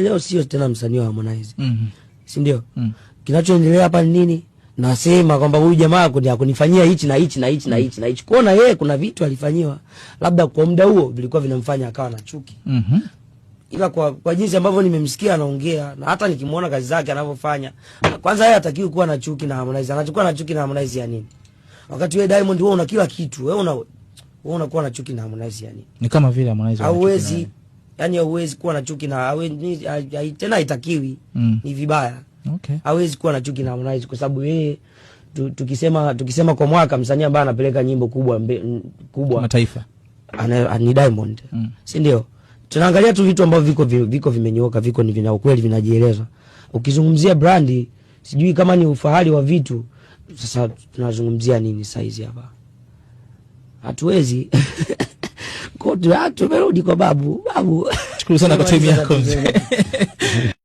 leo sio tena msanii wa Harmonize mm -hmm. si ndio? mm. Kinachoendelea hapa ni nini? Nasema kwamba huyu jamaa akunifanyia hichi na hichi na hichi na mhm. hichi na hichi, kuona yeye kuna vitu alifanyiwa labda kwa muda huo vilikuwa vinamfanya akawa na chuki mm -hmm. Ila kwa, kwa jinsi ambavyo nimemsikia anaongea na hata nikimuona kazi zake anavyofanya, kwanza yeye hatakiwi kuwa na chuki na Harmonize. Anachukua na chuki na Harmonize ya nini? Wakati wewe Diamond, wewe una kila kitu, wewe una wewe unakuwa na chuki na Harmonize ya nini? Ni kama vile Harmonize hauwezi yani hauwezi kuwa na chuki na tena, haitakiwi mm. Ni vibaya okay. Hawezi kuwa na chuki na Harmonize kwa sababu yeye tukisema tukisema kwa mwaka msanii ambaye anapeleka nyimbo kubwa mbe, m, kubwa mataifa ni Diamond mm. si ndio? Tunaangalia tu vitu ambavyo viko viko vimenyoka viko ni vina ukweli vinajieleza. Ukizungumzia brandi, sijui kama ni ufahari wa vitu. Sasa tunazungumzia nini saizi hapa? Hatuwezi tumerudi kwa babu babu. Shukuru sana kwa time yako mzee.